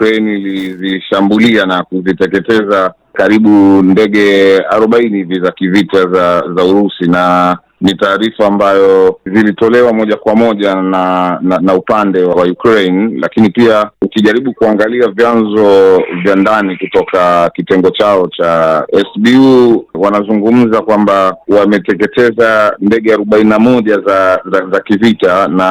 Ukraine ilizishambulia na kuziteketeza karibu ndege arobaini hivi za kivita za za Urusi na ni taarifa ambayo zilitolewa moja kwa moja na, na na upande wa Ukraine, lakini pia ukijaribu kuangalia vyanzo vya ndani kutoka kitengo chao cha SBU wanazungumza kwamba wameteketeza ndege arobaini na moja za, za, za kivita na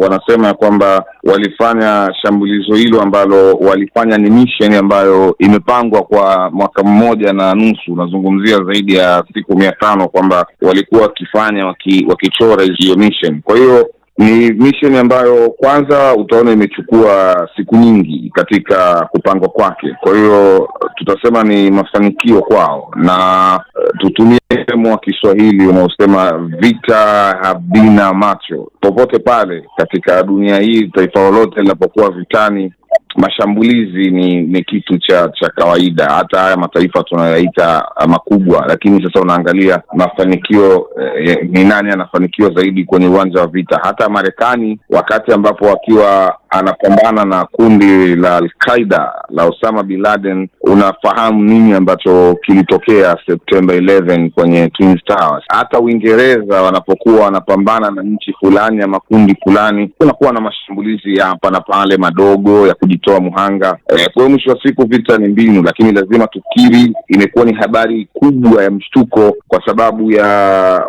wanasema ya kwamba walifanya shambulizo hilo ambalo walifanya ni misheni ambayo imepangwa kwa mwaka mmoja na nusu, unazungumzia zaidi ya siku mia tano kwamba walikuwa wakifanya wanafanya waki, wakichora hiyo mission. Kwa hiyo ni mission ambayo kwanza utaona imechukua siku nyingi katika kupangwa kwake, kwa hiyo tutasema ni mafanikio kwao na eh, tutumie msemo wa Kiswahili unaosema vita havina macho. Popote pale katika dunia hii, taifa lolote linapokuwa vitani, mashambulizi ni ni kitu cha cha kawaida, hata haya mataifa tunayaita makubwa. Lakini sasa unaangalia mafanikio eh, ni nani anafanikiwa zaidi kwenye uwanja wa vita. Hata Marekani wakati ambapo wakiwa anapambana na kundi la alqaida la Osama bin Laden. Unafahamu nini ambacho kilitokea Septemba 11 kwenye Twin Towers. Hata Uingereza wanapokuwa wanapambana na nchi fulani ya makundi fulani, kunakuwa na mashambulizi ya hapa na pale madogo ya kujitoa muhanga. E, kwa hiyo mwisho wa siku vita ni mbinu, lakini lazima tukiri, imekuwa ni habari kubwa ya mshtuko kwa sababu ya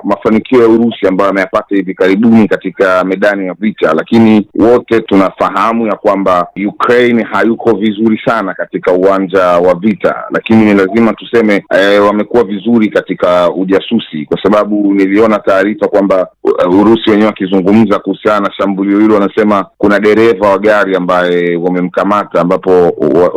mafanikio ya Urusi ambayo ameyapata hivi karibuni katika medani ya vita, lakini wote tunafahamu fahamu ya kwamba Ukraine hayuko vizuri sana katika uwanja wa vita, lakini ni lazima tuseme e, wamekuwa vizuri katika ujasusi, kwa sababu niliona taarifa kwamba uh, Urusi wenyewe wakizungumza kuhusiana na shambulio hilo, wanasema kuna dereva wa gari ambaye wamemkamata, ambapo uh,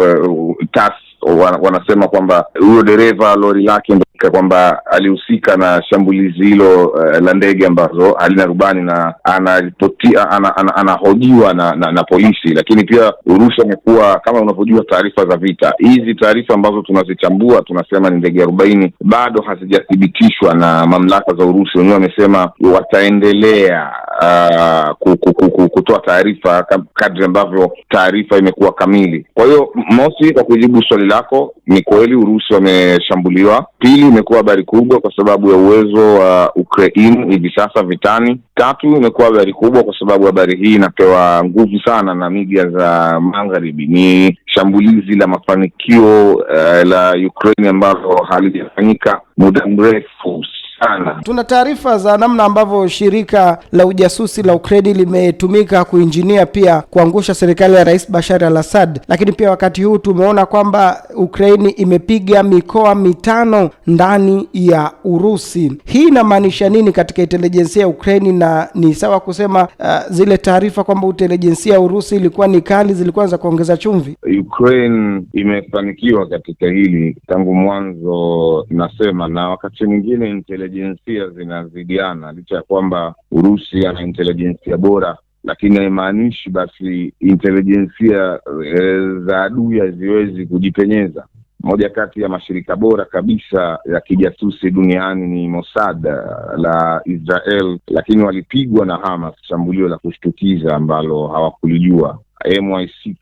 uh, wa, wanasema kwamba huyo dereva lori lake kwamba alihusika na shambulizi hilo uh, la ndege ambazo halina rubani na anaripotia ana, ana, anahojiwa na, na, na polisi. Lakini pia Urusi amekuwa kama unavyojua, taarifa za vita hizi, taarifa ambazo tunazichambua tunasema ni ndege arobaini, bado hazijathibitishwa na mamlaka za Urusi. Wenyewe wamesema wataendelea uh, kutoa taarifa kadri ambavyo taarifa imekuwa kamili. Kwa hiyo, Mosi, kwa kujibu swali lako ni kweli Urusi wameshambuliwa. Pili, imekuwa habari kubwa kwa sababu ya uwezo wa Ukraine hivi sasa vitani. Tatu, imekuwa habari kubwa kwa sababu habari hii inapewa nguvu sana na midia za magharibi. Ni shambulizi la mafanikio uh, la Ukraine ambalo halijafanyika muda mrefu sana. Tuna taarifa za namna ambavyo shirika la ujasusi la Ukredi limetumika kuinjinia pia kuangusha serikali ya Rais Bashar al-Assad, lakini pia wakati huu tumeona kwamba Ukraini imepiga mikoa mitano ndani ya Urusi. Hii inamaanisha nini katika intelijensia ya Ukraini? Na ni sawa kusema uh, zile taarifa kwamba intelijensia ya Urusi ilikuwa ni kali, zilikuwa za kuongeza chumvi. Ukraine imefanikiwa katika hili tangu mwanzo, nasema na wakati mwingine intelijensia zinazidiana, licha ya kwamba Urusi ana intelijensia bora lakini haimaanishi basi intelijensia e, za adui haziwezi kujipenyeza. Moja kati ya mashirika bora kabisa ya kijasusi duniani ni Mossad e, la Israel, lakini walipigwa na Hamas shambulio la kushtukiza ambalo hawakulijua. MI6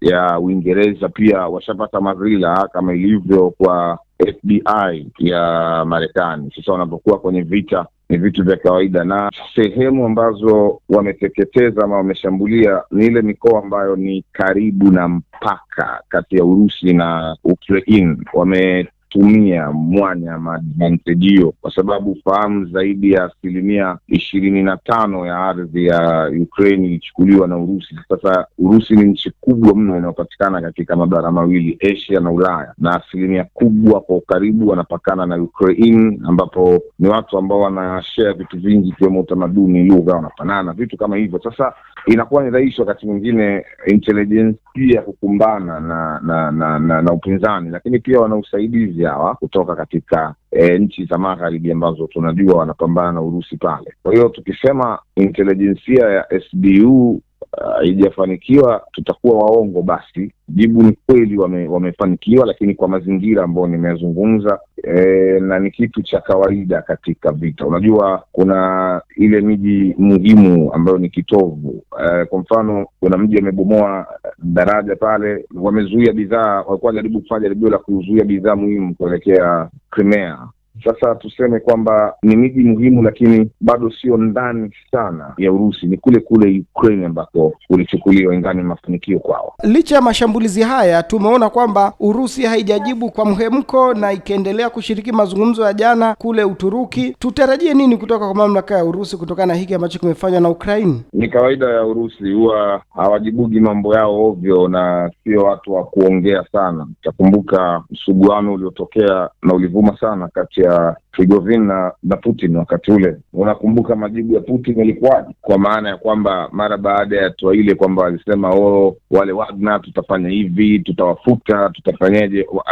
ya Uingereza pia washapata madhila kama ilivyo kwa FBI ya Marekani. Sasa wanapokuwa kwenye vita ni vitu vya kawaida, na sehemu ambazo wameteketeza ama wameshambulia ni ile mikoa ambayo ni karibu na mpaka kati ya Urusi na Ukraine wame kutumia mwanya maadvantajio, kwa sababu fahamu zaidi ya asilimia ishirini na tano ya ardhi ya Ukraine ilichukuliwa na Urusi. Sasa Urusi ni nchi kubwa mno inayopatikana katika mabara mawili Asia na Ulaya, na asilimia kubwa kwa ukaribu wanapakana na Ukraine, ambapo ni watu ambao wanashea vitu vingi, ikiwemo utamaduni, lugha, wanafanana vitu kama hivyo. Sasa inakuwa ni rahisi wakati mwingine intelijensia kukumbana na na, na, na, na upinzani, lakini pia wana usaidizi wakimbizi hawa kutoka katika e, nchi za magharibi ambazo tunajua wanapambana na Urusi pale. Kwa hiyo tukisema intelijensia ya SBU Ah, haijafanikiwa uh, tutakuwa waongo. Basi jibu ni kweli, wame, wamefanikiwa lakini kwa mazingira ambayo nimezungumza e, na ni kitu cha kawaida katika vita. Unajua, kuna ile miji muhimu ambayo ni kitovu e, kwa mfano kuna mji wamebomoa eh, daraja pale, wamezuia bidhaa, walikuwa jaribu kufanya jaribio la kuzuia bidhaa muhimu kuelekea Crimea sasa tuseme kwamba ni miji muhimu, lakini bado sio ndani sana ya Urusi, ni kule kule Ukraine ambako ulichukuliwa, ingani mafanikio kwao. Licha ya mashambulizi haya, tumeona kwamba Urusi haijajibu kwa mhemko na ikiendelea kushiriki mazungumzo ya jana kule Uturuki. Tutarajie nini kutoka kwa mamlaka ya Urusi kutokana na hiki ambacho kimefanywa na Ukraine? Ni kawaida ya Urusi, huwa hawajibugi mambo yao ovyo na sio watu wa kuongea sana. takumbuka msuguano uliotokea na ulivuma sana kati ya uh, Prigozhin na, na Putin wakati ule. Unakumbuka majibu ya Putin yalikuwaje? Kwa maana ya kwamba mara baada ya hatua ile kwamba walisema oh, wale Wagner tutafanya hivi, tutawafuta, tutafanyaje, uh,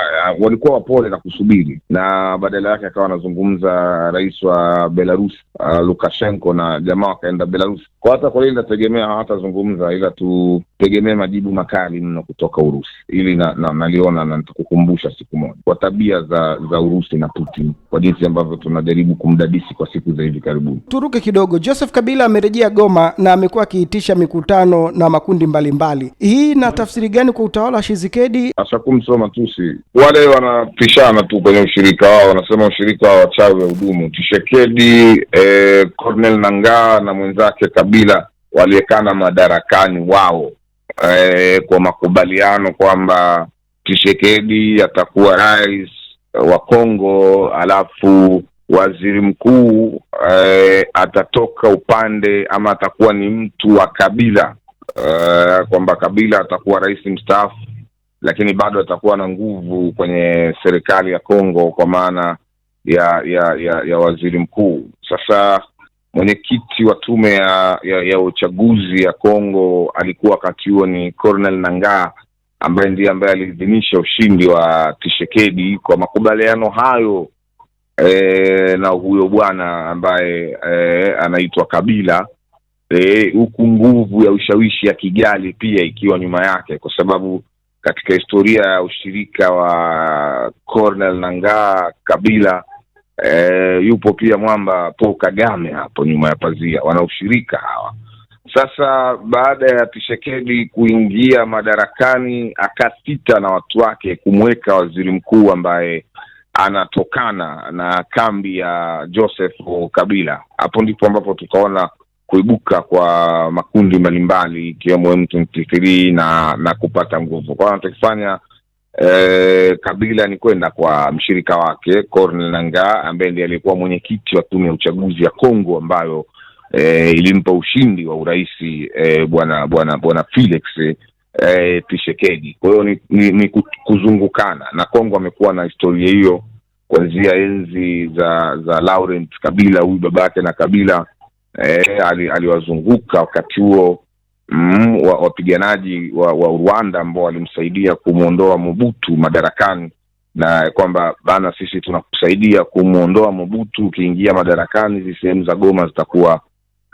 walikuwa wapole na kusubiri, na badala yake akawa anazungumza rais wa Belarus uh, Lukashenko na jamaa wakaenda Belarus. Kwa hata kwa hili nategemea hawatazungumza, ila tutegemee majibu makali mno kutoka Urusi. Ili naliona na, na, na nitakukumbusha siku moja kwa tabia za za Urusi na Putin kwa jinsi ambavyo tunajaribu kumdadisi kwa siku za hivi karibuni. Turuke kidogo, Joseph Kabila amerejea Goma na amekuwa akiitisha mikutano na makundi mbalimbali mbali. Hii ina tafsiri gani kwa utawala wa Shizikedi? Ashakumsoma tusi wale wanapishana tu kwenye ushirika wao, wanasema ushirika wa wachawi wa hudumu. Tshisekedi, eh, Cornel Nangaa na mwenzake Kabila waliekana madarakani wao eh, kwa makubaliano kwamba Tshisekedi atakuwa rais wa Kongo, alafu waziri mkuu eh, atatoka upande ama atakuwa ni mtu wa Kabila eh, kwamba Kabila atakuwa rais mstaafu, lakini bado atakuwa na nguvu kwenye serikali ya Kongo kwa maana ya ya ya ya waziri mkuu. Sasa mwenyekiti wa tume ya, ya, ya uchaguzi ya Kongo alikuwa wakati huo ni Cornel Nangaa ambaye ndiye ambaye aliidhinisha ushindi wa Tshisekedi kwa makubaliano hayo e, na huyo bwana ambaye e, anaitwa Kabila eh, huku e, nguvu ya ushawishi ya Kigali pia ikiwa nyuma yake, kwa sababu katika historia ya ushirika wa Cornel Nangaa Kabila e, yupo pia mwamba Paul Kagame hapo nyuma ya pazia, wana ushirika hawa sasa baada ya Tshisekedi kuingia madarakani, akasita na watu wake kumweka waziri mkuu ambaye anatokana na kambi ya Joseph Kabila. Hapo ndipo ambapo tukaona kuibuka kwa makundi mbalimbali ikiwemo M23 na na kupata nguvu. kwao. hiyo anachokifanya eh, Kabila ni kwenda kwa mshirika wake Corneille Nangaa ambaye ndiye aliyekuwa mwenyekiti wa tume ya uchaguzi ya Kongo ambayo eh, ilimpa ushindi wa urais eh, bwana bwana bwana Felix eh, Tshisekedi. Kwa hiyo ni, ni, ni kuzungukana na Kongo, amekuwa na historia hiyo kuanzia enzi za za Laurent Kabila, huyu baba yake na Kabila eh, aliwazunguka ali wakati huo mm, wapiganaji wa, wa Rwanda ambao walimsaidia kumwondoa Mobutu madarakani na kwamba bana, sisi tunakusaidia kumwondoa Mobutu, ukiingia madarakani hizi sehemu za Goma zitakuwa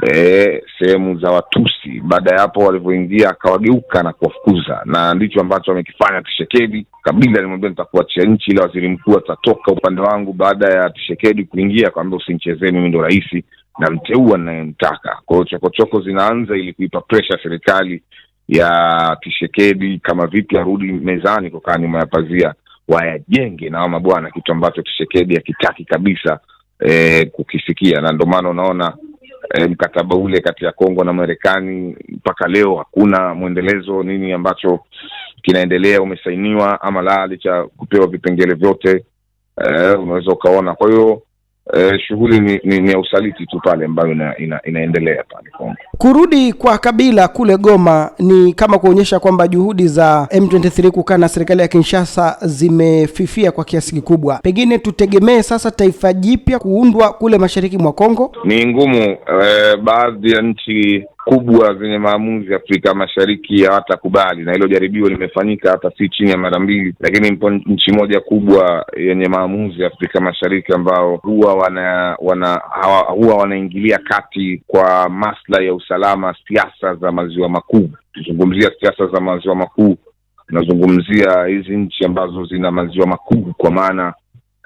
e, sehemu za Watusi. Baada ya hapo walivyoingia, akawageuka na kuwafukuza, na ndicho ambacho wamekifanya tishekedi Kabila limwambia nitakuachia nchi, ila waziri mkuu atatoka upande wangu. Baada ya tishekedi kuingia, akamwambia usinichezee, mimi ndo rais namteua ninayemtaka. Kwa hiyo chokochoko zinaanza ili kuipa presha serikali ya tishekedi kama vipi arudi mezani kukaa nyuma ya pazia wayajenge na mabwana, kitu ambacho tishekedi hakitaki kabisa e, kukisikia, na ndio maana unaona e, mkataba ule kati ya Kongo na Marekani mpaka leo hakuna mwendelezo, nini ambacho kinaendelea, umesainiwa ama la, licha kupewa vipengele vyote e, unaweza ukaona. Kwa hiyo eh, shughuli ni, ni, ni ya usaliti tu pale ambayo ina, ina, inaendelea pale Kongo. Kurudi kwa Kabila kule Goma ni kama kuonyesha kwamba juhudi za M23 kukaa na serikali ya Kinshasa zimefifia kwa kiasi kikubwa. Pengine tutegemee sasa taifa jipya kuundwa kule mashariki mwa Kongo. Ni ngumu eh, baadhi ya nchi kubwa zenye maamuzi Afrika Mashariki hawatakubali, na hilo jaribio limefanyika hata si chini ya mara mbili, lakini mpo nchi moja kubwa yenye maamuzi Afrika Mashariki ambao huwa huwa wana, wana hawa, huwa wanaingilia kati kwa maslahi ya usalama, siasa za maziwa makuu. Ukizungumzia siasa za maziwa makuu, unazungumzia hizi nchi ambazo zina maziwa makuu, kwa maana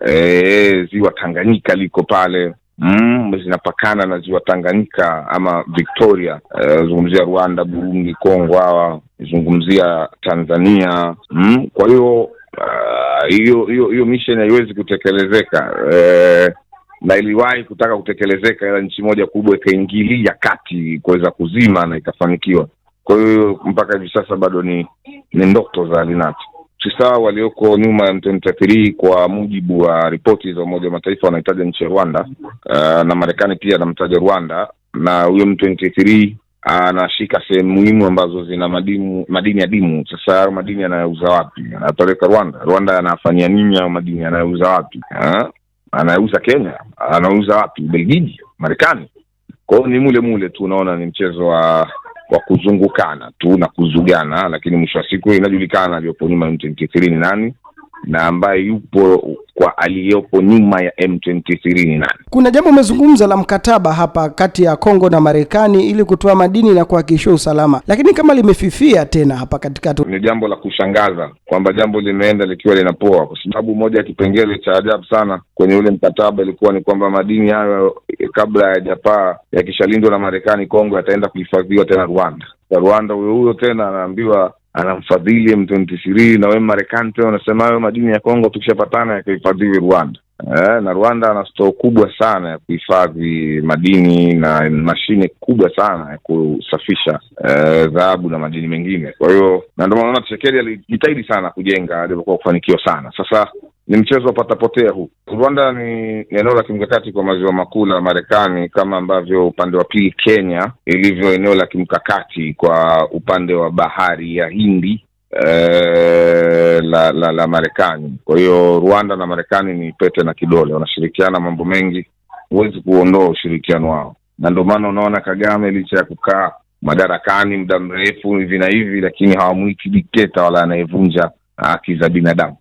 e, ziwa Tanganyika liko pale mm, zinapakana na ziwa Tanganyika ama Victoria. Eh, nazungumzia e, Rwanda, Burundi, Kongo, hawa zungumzia Tanzania mm, kwa hiyo ah, hiyo uh, hiyo mission haiwezi kutekelezeka. Eh, na iliwahi kutaka kutekelezeka, ila nchi moja kubwa ikaingilia kati kuweza kuzima na ikafanikiwa. Kwa hiyo mpaka hivi sasa bado ni ni ndoto za Alinati sisawa walioko nyuma ya mtoni Kwa mujibu wa ripoti za Umoja wa Mataifa wanahitaja nchi ya Rwanda uh, na Marekani pia anamtaja Rwanda, na huyo m anashika sehemu muhimu ambazo zina madimu, madini adimu. Sasa hayo madini anayouza wapi? Anayapeleka Rwanda. Rwanda anafanyia nini hayo madini? Anayouza wapi? anauza Kenya, anauza wapi? Ubelgiji, Marekani. Kwa hiyo ni mule mule tu, unaona ni mchezo wa wa kuzungukana tu na kuzugana, lakini mwisho wa siku inajulikana aliyopo nyuma ni nani na ambaye yupo kwa aliyopo nyuma ya M23 Kuna jambo umezungumza la mkataba hapa kati ya Kongo na Marekani ili kutoa madini na kuhakikisha usalama, lakini kama limefifia tena hapa katikati, ni jambo la kushangaza kwamba jambo limeenda likiwa linapoa, kwa sababu moja ya kipengele cha ajabu sana kwenye ule mkataba ilikuwa ni kwamba madini hayo eh, kabla ya Japaa yakishalindwa na Marekani, Kongo yataenda kuhifadhiwa tena Rwanda. Rwanda huyo huyo tena anaambiwa anamfadhili M23 na we Marekani pia wanasema hayo madini ya Kongo tukishapatana yakahifadhiwi Rwanda. Eh, na Rwanda ana stoo kubwa sana ya kuhifadhi madini na mashine kubwa sana ya kusafisha eh, dhahabu eh, na madini mengine. Kwa hiyo na ndio maana Tshisekedi alijitahidi sana kujenga, alipokuwa kufanikiwa sana. Sasa ni mchezo wa patapotea huu. Rwanda ni eneo la kimkakati kwa maziwa makuu la Marekani, kama ambavyo upande wa pili Kenya ilivyo eneo la kimkakati kwa upande wa bahari ya Hindi eh, la la, la Marekani. Kwa hiyo Rwanda na Marekani ni pete na kidole, wanashirikiana mambo mengi, huwezi kuondoa ushirikiano wao, na ndio maana unaona Kagame licha ya kukaa madarakani muda mrefu hivi na hivi, lakini hawamwiti dikteta wala anayevunja haki za binadamu.